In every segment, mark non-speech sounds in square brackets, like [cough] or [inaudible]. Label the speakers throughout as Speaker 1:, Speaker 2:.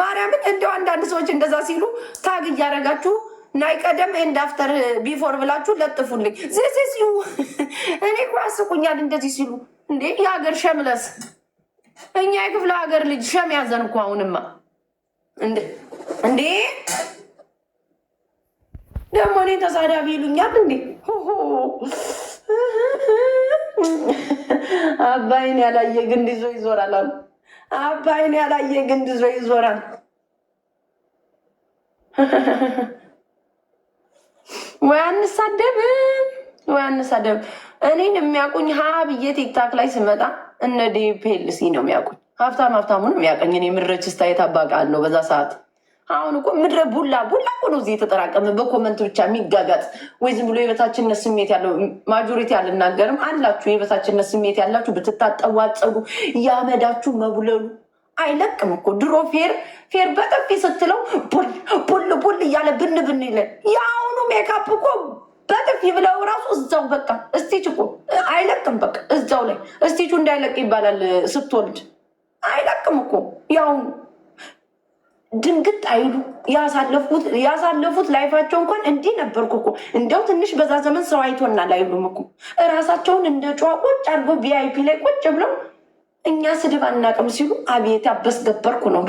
Speaker 1: ማርያምን እንደው አንዳንድ ሰዎች እንደዛ ሲሉ ታግ እያደረጋችሁ ናይ ቀደም ኤንድ አፍተር ቢፎር ብላችሁ ለጥፉልኝ። ዚስ ኢዝ ዩ እኔ እኮ አስቁኛል እንደዚህ ሲሉ። እንዴ የሀገር ሸምለስ እኛ የክፍለ ሀገር ልጅ ሸም ያዘን እኮ አሁንማ። እንዴ ደግሞ እኔ ተሳዳቢ ይሉኛል። እንዴ አባይን ያላየ ግንድ ይዞ ይዞራል አሉ። አባይን ያላየ ግንድ ዞ ይዞራል። ወይ አንሳደብም፣ ወይ አንሳደብም። እኔን የሚያውቁኝ ሀ ቲክታክ ላይ ስመጣ እነ ዴፔልሲ ነው የሚያውቁኝ። ሀብታም ሀብታሙ ነው የሚያውቀኝ። እኔ ምድረች ስታየት አባቃል ነው በዛ ሰዓት አሁን እኮ ምድረ ቡላ ቡላ እኮ ነው እዚህ የተጠራቀመ በኮመንት ብቻ የሚጋጋጥ ወይ ዝም ብሎ የበታችነት ስሜት ያለው ማጆሪቲ አልናገርም አላችሁ። የበታችነት ስሜት ያላችሁ ብትታጠዋጸሉ ያመዳችሁ መቡለሉ አይለቅም እኮ ድሮ ፌር ፌር በጠፊ ስትለው ቡል ቡል እያለ ብን ብን ይለን። የአሁኑ ሜካፕ እኮ በጥፊ ብለው ራሱ እዛው በቃ እስቲች እኮ አይለቅም። በቃ እዛው ላይ እስቲቹ እንዳይለቅ ይባላል ስትወልድ አይለቅም እኮ ያሁኑ ድንግጥ አይሉ ያሳለፉት ላይፋቸው እንኳን እንዲህ ነበርኩ እኮ እንዲያው ትንሽ በዛ ዘመን ሰው አይቶና ላይሉም እኮ እራሳቸውን እንደ ጨዋ ቁጭ አድርጎ ቪአይፒ ላይ ቁጭ ብለው እኛ ስድብ አናቅም ሲሉ አቤት አበስ ገበርኩ ነው።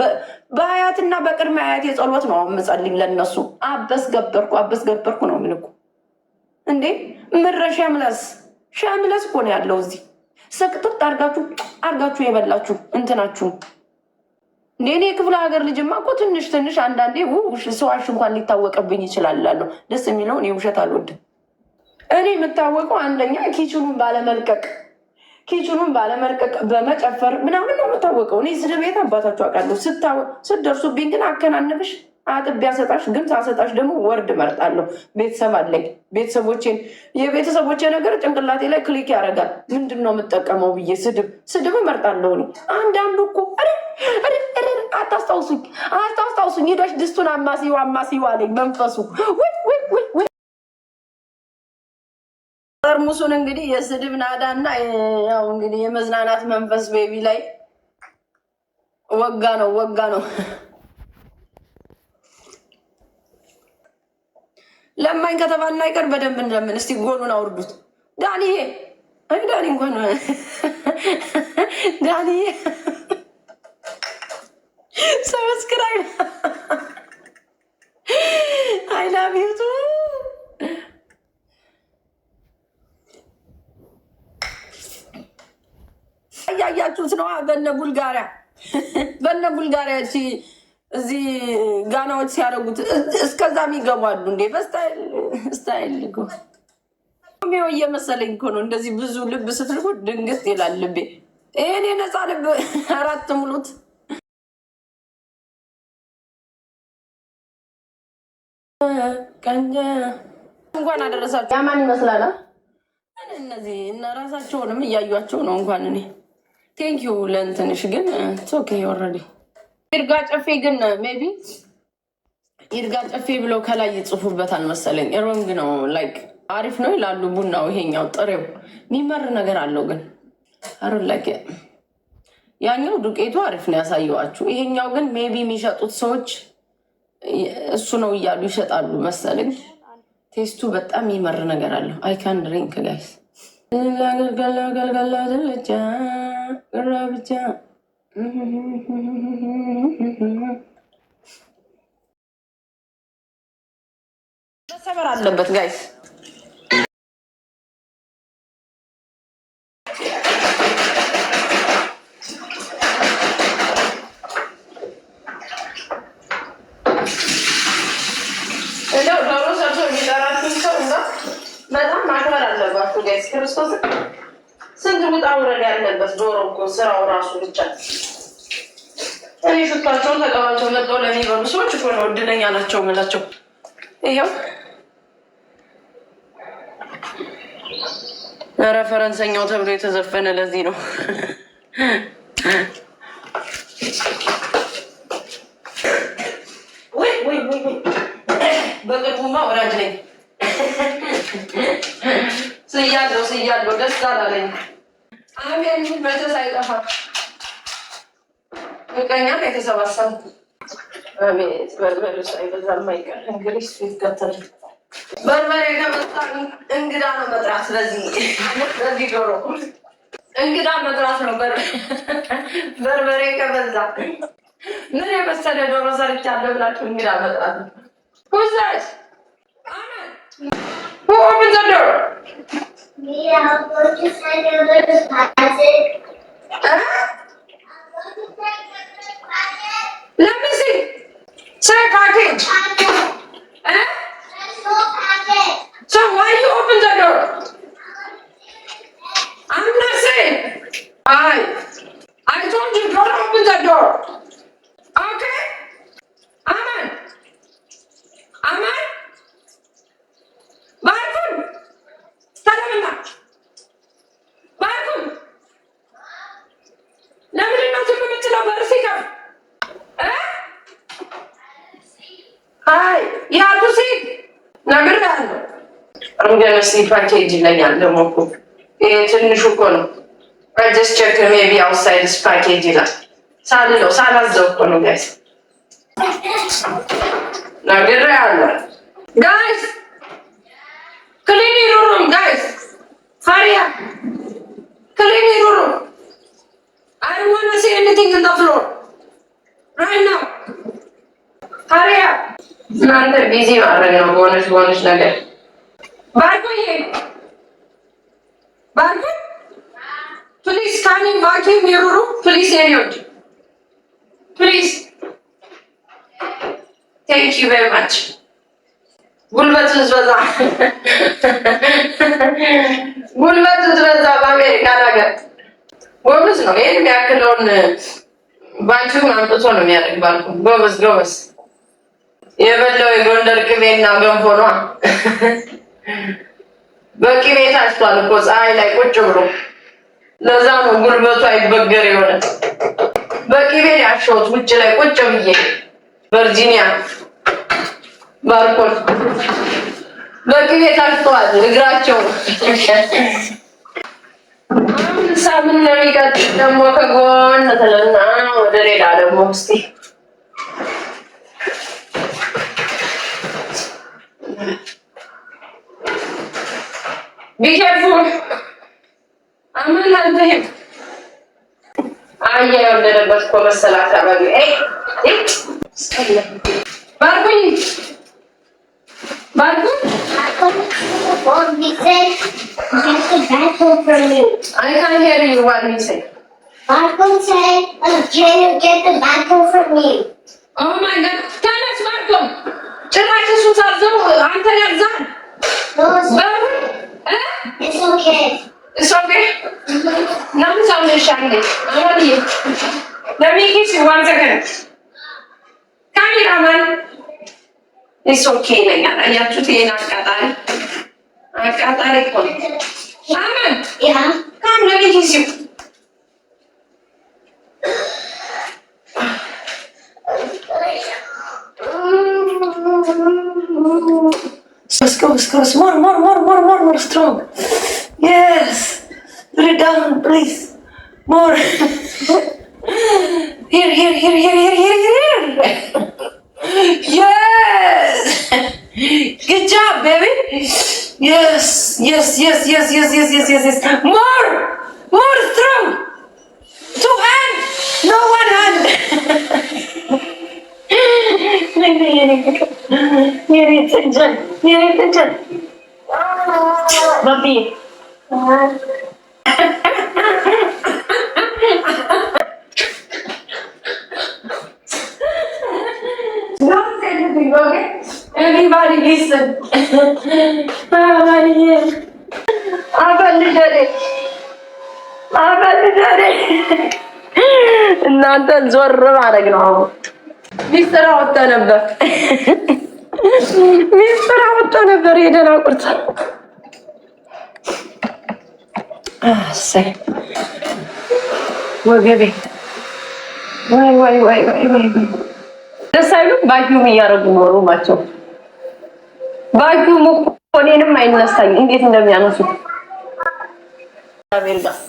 Speaker 1: በአያትና በቅድመ አያት የጸሎት ነው ምጸልኝ ለነሱ አበስ ገበርኩ አበስ ገበርኩ ነው ምልኩ እንዴ ምረ ሸምለስ ሸምለስ እኮ ነው ያለው እዚህ ስቅጥጥ አርጋችሁ አርጋችሁ የበላችሁ እንትናችሁ እኔ የክፍለ ሀገር ልጅማ እኮ ትንሽ ትንሽ አንዳንዴ ሰዋሽ እንኳን ሊታወቅብኝ ይችላል እላለሁ። ደስ የሚለውን የውሸት አልወድም። እኔ የምታወቀው አንደኛ ኪችኑን ባለመልቀቅ ኪችኑን ባለመልቀቅ በመጨፈር ምናምን ነው የምታወቀው። እኔ ስድብ ቤት አባታችሁ አውቃለሁ። ስትደርሱብኝ ግን አከናንብሽ አጥቤ አሰጣሽ። ግን ሳሰጣሽ ደግሞ ወርድ እመርጣለሁ። ቤተሰብ አለኝ። ቤተሰቦቼን የቤተሰቦቼ ነገር ጭንቅላቴ ላይ ክሊክ ያደርጋል። ምንድን ነው የምጠቀመው ብዬ ስድብ ስድብ እመርጣለሁ። አንዳንዱ እኮ አታስታውሱኝ አታስታውሱኝ ሄዳሽ ድስቱን አማሲው አማሲው አለኝ መንፈሱ ጠርሙሱን እንግዲህ የስድብ ናዳ እና ያው እንግዲህ የመዝናናት መንፈስ ቤቢ ላይ ወጋ ነው ወጋ ነው። ለማኝ ከተባልን እናይቀር በደንብ እንለምን። እስቲ ጎኑን አውርዱት። ዳንዬ አይ ዳኒ እንኳን [laughs] ዳንዬ [laughs] ሰብስክራይብ [laughs] አይ ላቭ ዩ ቱ እያያችሁት ነዋ። በነ ቡልጋሪያ በነ ቡልጋሪያ እዚህ ጋናዎች ሲያደርጉት እስከዛም ይገባሉ እንዴ? በስታይል ሜው እየመሰለኝ እኮ ነው። እንደዚህ ብዙ ልብ ስትልኩ ድንግስት ይላል ልቤ። ይህን የነፃ ልብ አራት ሙሉት ቀንጀ እንኳን አደረሳቸው። ያማን ይመስላል እነዚህ እና ራሳቸውንም እያዩቸው ነው። እንኳን እኔ ቴንኪዩ ለእንትንሽ ግን ኦኬ ወረዴ ይርጋ ጨፌ ግን ሜቢ ይርጋ ጨፌ ብለው ከላይ ይጽፉበታል መሰለኝ። ሮንግ ነው። ላይክ አሪፍ ነው ይላሉ። ቡናው ይሄኛው ጥሬው የሚመር ነገር አለው ግን አሩን ላይክ ያኛው ዱቄቱ አሪፍ ነው ያሳየዋችሁ። ይሄኛው ግን ሜቢ የሚሸጡት ሰዎች እሱ ነው እያሉ ይሸጣሉ መሰለኝ። ቴስቱ በጣም የሚመር ነገር አለው። ካን ድሪንክ ጋይስ መሰበር አለበት ጋይስ። እንደው ማክበር አለባችሁ ጋይስ። ክርስቶስ ስንት ውጣ ውረድ ያለበት ዶሮ እኮ ስራው ራሱ ብቻ እኔ ስታቸውን ተቀባቸው ነጠው ለሚበሉ ሰዎች እኮ ነው እድለኛ ናቸው ምላቸው። ይኸው ኧረ ፈረንሰኛው ተብሎ የተዘፈነ ለዚህ ነው። በቅርቡማ ወዳጅ ነኝ ስያለው ስያለው ደስ አላለኝ። አሜን በተሳይጠፋ ፍቅረኛ የተሰባሰብ በርበሬ ሳይበዛ የማይቀር እንግዲህ ይከተል በርበሬ ከመጣ እንግዳ መጥራት። በዚህ ዶሮ እንግዳ መጥራት ነው በርበሬ ከበዛ። ምን የመሰለ ዶሮ ሰርቻለሁ ብላችሁ እንግዳ መጥራት ነው። ሁዛች ምን ዘዶሮ አይ ያቱ ሴት ነገር ያለው እንገነ ስሊፓቸ ይጅለኛል ደግሞ እኮ ትንሹ እኮ ነው። ጀስት ቼክ ሜቢ አውትሳይድስ ፓኬጅ ይላል ሳልለው ሳላዘው እኮ ነው ጋይስ ነገር ያለው ጋይስ ክሊኒ ሩሩም ጋይስ ሀሪያ ክሊኒ ሩሩም አይ ዋና ሲ ኤኒቲንግ ኢን ዘ ፍሎር ራይት ናው ታዲያ እናንተ ቢዚ ማድረግ ነው በሆነች በሆነች ነገር ባርኮዬ ባርኮ ፕሊዝ ካኒ ቫኪም ይሩሩ ፕሊዝ የኔዎች ፕሊዝ ቴንክ ዩ ቬሪ ማች ጉልበት ስትበዛ ጉልበት ስትበዛ በአሜሪካ ሀገር ጎበዝ ነው። ይህን የሚያክለውን ባንቺ አምጥቶ ነው የሚያደርግ ባልኩ ጎበዝ ጎበዝ የበላው የጎንደር ቅቤና ገንፎ ነዋ። በቅቤ ታጭቷል እኮ ፀሐይ ላይ ቁጭ ብሎ። ለዛ ነው ጉልበቱ አይበገር የሆነ በቅቤ ያሸሁት ውጭ ላይ ቁጭ ብዬ ቨርጂኒያ ባርኮል በቅቤ ታጭቷል እግራቸው። ሳምንት ነው የሚቀጥል ደግሞ ከጎን ተለና ወደ ሌላ ደግሞ ውስጤ። Be careful. I'm not him. አየህ የወለደበት እኮ መሰል አካባቢ ባርኩኝ ባርኩኝ I can't hear you what you say. Barkun said, oh, Jane, get the bathroom from me. Oh my God. Tell us, Barkun. ጭራሽ እሱን ሳዘው አንተ ያዛል ካሜራማን ኢስ ኦኬ ይለኛል። አያችሁት? ይሄን አቃጣሪ አቃጣሪ እኮ ነው። አመን ያ ካም ለሚኪ ሲው Let's go, let's go. more, more, more, more, more, more strong. Yes. Put it down, please. More. [laughs] here, here, here, here, here, here, here. [laughs] yes. [laughs] Good job, baby. Yes, yes, yes, yes, yes, yes, yes, yes, yes. More, more strong. Two hands, no one hand. Yürüyeceksin, yürüyeceksin. Babi. Non say anything, okay? Everybody listen. Everybody here. Everybody daddy. Non daddy. እናንተ ዞር ማድረግ ነው ሚስጥር አወጣ ነበር፣ ሚስጥር አወጣ ነበር። ሄደን አቁርታ ወገቤ ወይ ወይ ወይ ወይ ደስ አይሉም። ባዩም እያደረጉ ኖሩ ናቸው። ባዩም እኮ እኔንም አይነሳኝ እንዴት እንደሚያነሱት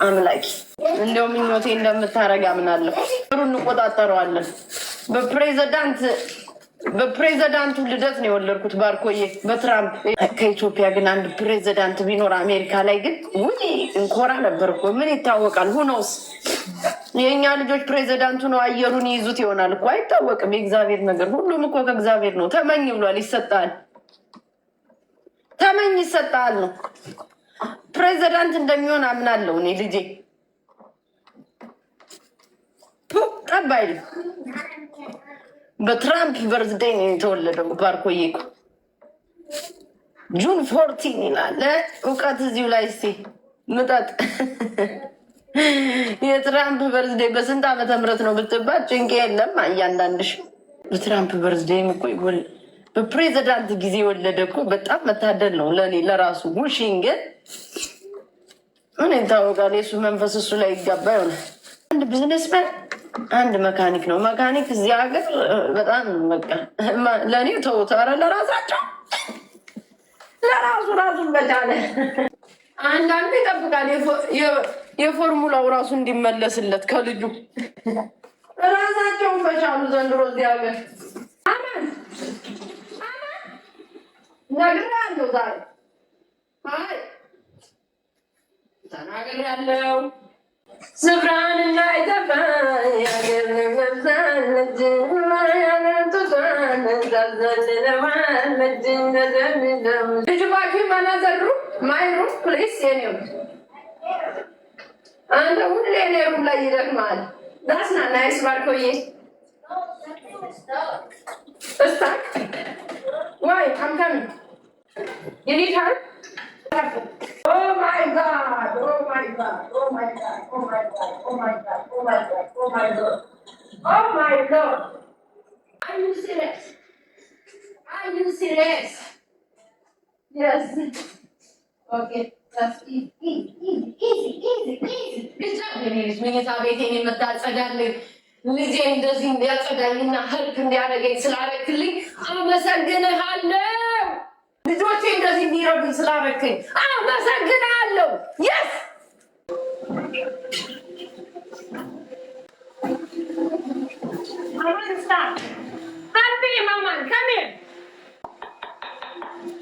Speaker 1: አምላኪ እንደው ምኞቴ እንደምታረግ አምናለሁ። ጥሩ እንቆጣጠረዋለን። በፕሬዚዳንት በፕሬዚዳንቱ ልደት ነው የወለድኩት። ባርኮዬ በትራምፕ ከኢትዮጵያ ግን አንድ ፕሬዚዳንት ቢኖር አሜሪካ ላይ ግን ውይ እንኮራ ነበር እኮ ምን ይታወቃል። ሁኖስ የእኛ ልጆች ፕሬዚዳንቱ ነው አየሩን ይይዙት ይሆናል እኮ አይታወቅም። የእግዚአብሔር ነገር ሁሉም እኮ ከእግዚአብሔር ነው። ተመኝ ብሏል ይሰጣል። ተመኝ ይሰጣል ነው ፕሬዚዳንት እንደሚሆን አምናለሁ እኔ ልጄ ጠብ አይልም። በትራምፕ በርዝደይ ነው የተወለደው። ባርኮዬ እኮ ጁን ፎርቲን ይላል። እውቀት እዚሁ ላይ እስኪ ምጠጥ የትራምፕ በርዝደይ በስንት ዓመተ ምህረት ነው ብትባል ጭንቄ የለም። እያንዳንድሽ በትራምፕ በርዝደይም እኮ በፕሬዚዳንት ጊዜ የወለደ እኮ በጣም መታደል ነው ለእኔ ለራሱ ውሽን ግን ምን ይታወቃል። የሱ መንፈስ እሱ ላይ ይጋባ ይሆናል። አንድ ቢዝነስመን አንድ መካኒክ ነው። መካኒክ እዚህ ሀገር በጣም በቃ ለእኔ ተውት። ኧረ ለራሳቸው ለራሱ ራሱን በቻለ አንዳንዱ ይጠብቃል የፎርሙላው ራሱ እንዲመለስለት ከልጁ ራሳቸውን በቻሉ ዘንድሮ እዚህ ሀገር አማን አማን ነግሬያለሁ ዛሬ ተናግሬያለሁ። አንተ ሁሌ ኔሩም ላይ ይደክማል። ዳስና ናይስ ባርኮዬ እስታክ ዋይ ካምካሚ የኔታር Oh my God! Oh my God! Oh my God! Oh my God! Oh my God! Oh my God! Oh my God! Oh my Lord! Oh Are you serious? Are you serious? Yes. Okay. That's easy, easy, easy, easy, easy. It's It's not ልጅ መኝታ ቤቴን የምታጸዳልኝ ልጄን እንደዚህ እንዲያጸዳልኝና ህልክ እንዲያደርገኝ ስላደረግልኝ አመሰግንሃለሁ። ልጆቼ እንደዚህ እንዲረዱኝ ስላረከኝ አመሰግናለሁ። የስ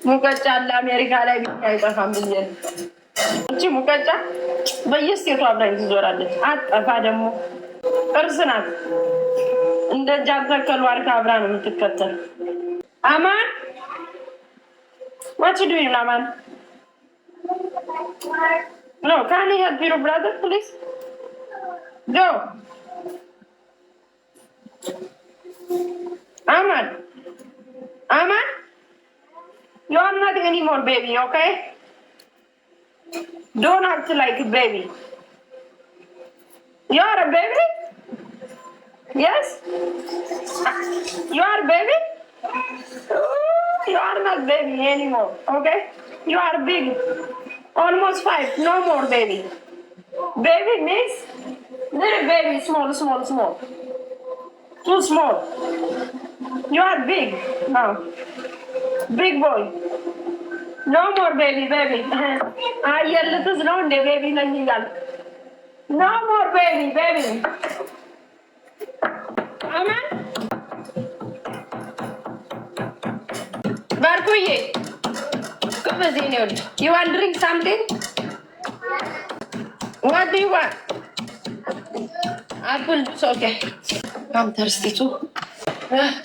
Speaker 1: ሙቀጫ አለ አሜሪካ ላይ ብቻ አይጠፋም ብዬ ነው። እቺ ሙቀጫ በየስቴቱ አብራኝ ትዞራለች። አጠፋ ደግሞ እርስ ናት። እንደ እጃ ተከሉ አርካ አብራ ነው የምትከተል አማን What you doing, Naman? No, can you help your brother, please? Go. Aman. Aman? You are not anymore baby, okay? Don't act like a baby. You are a baby? Yes? You are a baby? are not baby anymore, okay? You are big, almost five, no more baby. Baby means little baby, small, small, small. Too small. You are big now. Big boy. No more baby, baby. I yell to no baby No more baby, baby. Amen? ማርኩዬ ጎበዜ ነው። ዩ ዋን ድሪንክ ሳምቲንግ ዋት ዱ ዩ ዋን? አፕል ጁስ ኦኬ። በጣም ተርስቲቱ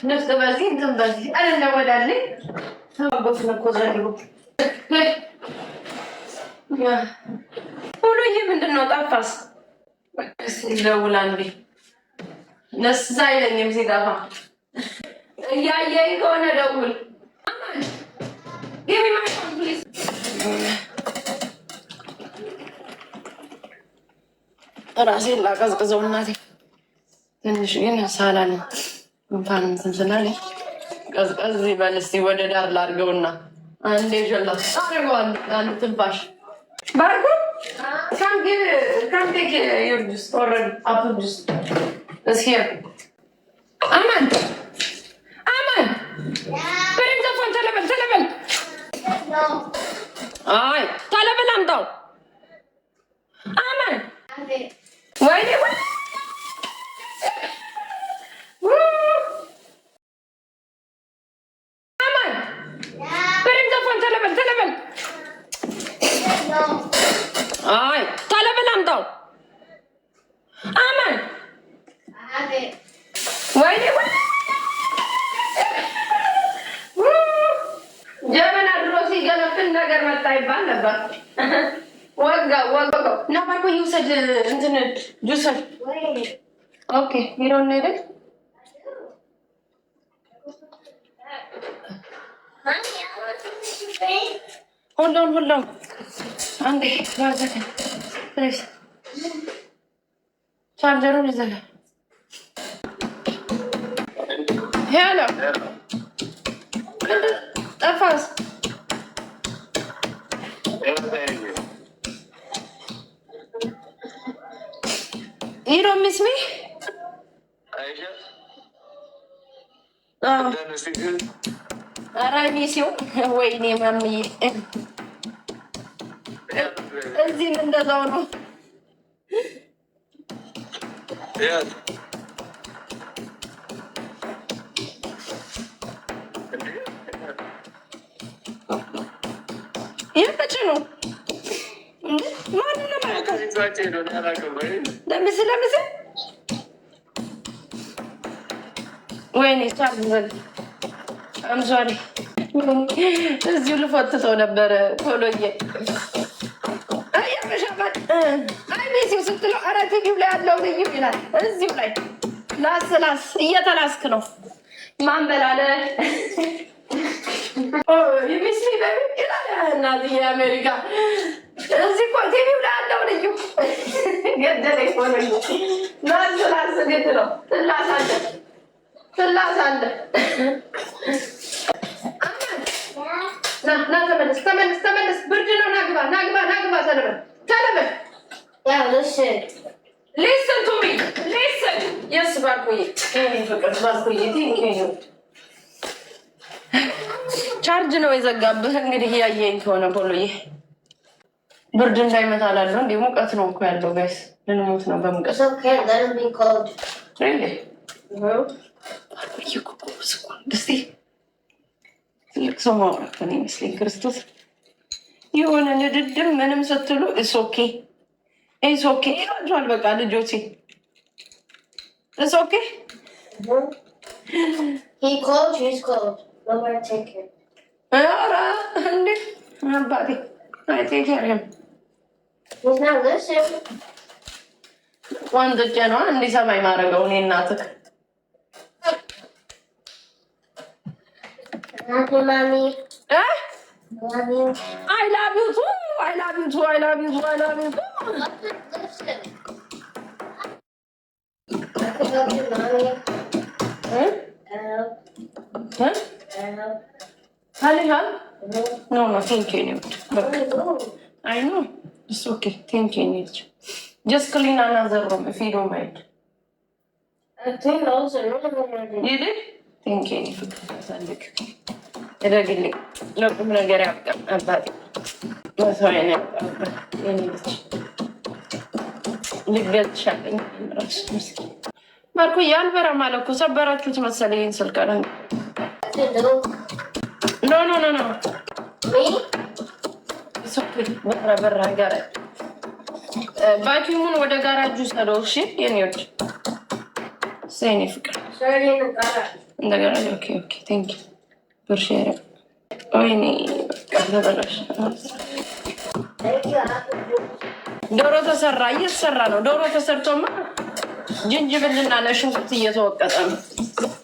Speaker 1: ነፍስ በዚህ እንትን በዚህ አልነወዳልኝ ተባቦት ነው እኮ ዘንድሮ ሁሉ ይህ ምንድን ነው? ጠፋስ ይደውል አንዴ ነስዛ አይለኝም ሲጠፋ እያየኝ ከሆነ ደውል Give me my phone, please. ራሴን ላቀዝቅዘው እናቴ ትንሽ ግን ሳላለ እንኳን እንትን ስላለኝ ቀዝቀዝ ይበል። እስኪ ወደ ዳር ላድርገውና አንዴ ጀላ አድርገዋል። አንድ ትንፋሽ ባርጎ ካምቴክ ዩር ጁስ ኦልሬዲ ጁስ እስሄር አማን አይ ቶሎ ብለህ አመን ወይኔ ወይ አመን በደምብ አይ ጠጣ ይባል ነበር። ወጋ ወጋው እና ባርኮ ይውሰድ እንትን ጁስን ኦኬ ሄዶ እንሄደን ሁሉም ሁሉም አንዴ ባዘከ ፕሊዝ ቻርጀሩን ይዘጋ። ሄሎ ጠፋስ ይህ ነው ምስሜ አራኔ ሲሆን ወይኔ ማምዬ እዚህም እንደዛው ነው። ይህ ፍጭ ነው። ማንንም ለምስል ለምስል ወይኔ ሳልዘል አምሷሪ እዚሁ ልፎትተው ነበረ ቶሎዬ ያበሻባል አይሜሲው ስትለው አረት ዩ ላይ አለው ልዩ ይላል። እዚሁ ላይ ላስ ላስ እየተላስክ ነው ማንበላለ ሚስሊ በሚ እናትዬ አሜሪካ እዚህ እኮ ቲቪው ላይ አለው። ልዩ ገደለኝ እኮ ልዩ ናስ ናስ ግድ ነው። ትላስ አለ ትላስ አለ። ና ተመለስ ተመለስ ተመለስ። ብርድ ነው። ናግባ ናግባ ናግባ። ሰለመን ሰለመን ሊስን ቱ ሚ ሊስን የስ ባልኩዬ ፍቅር ባልኩዬ ቴንኪዩ ቻርጅ ነው የዘጋብህ። እንግዲህ እያየኝ ከሆነ ቦሎዬ ብርድ እንዳይመታ ላለ እንዲ ሙቀት ነው እኮ ያለው። ጋይስ ልንሞት ነው በሙቀት ትልቅ ሰው ማውራት ነው ይመስለኝ። ክርስቶስ የሆነ ንድድም ምንም ስትሉ እሶኬ እሶኬ ይሏቸዋል። በቃ ልጆቼ እሶኬ አባቴ ቆንጥጬ ነዋ እንዲሰማኝ ማድረገው እኔ እናትህ አይ ላቭ ዩ ቱ አይ ላቭ ዩ ቱ አይ ላቭ ዩ ቱ ታልሃል ኖ ኖ ቴንኪ ኔዎች አይ ኖ ስ ማለኮ ሰበራችሁት መሰለኝ ይህን ስልክ አለ ኖ ኖ ኖ ኖ በራ ጋራ ባኪሙን ወደ ጋራጁ ሰደው። እሺ የኔዎች ሰኔ ፍቅር እንደገና ኦኬ ኦኬ ቴንክ ዩ ብር ወይኔ ተበላሽ። ዶሮ ተሰራ እየተሰራ ነው። ዶሮ ተሰርቶማ ጅንጅብልና ነሽንኩርት እየተወቀጠ ነው።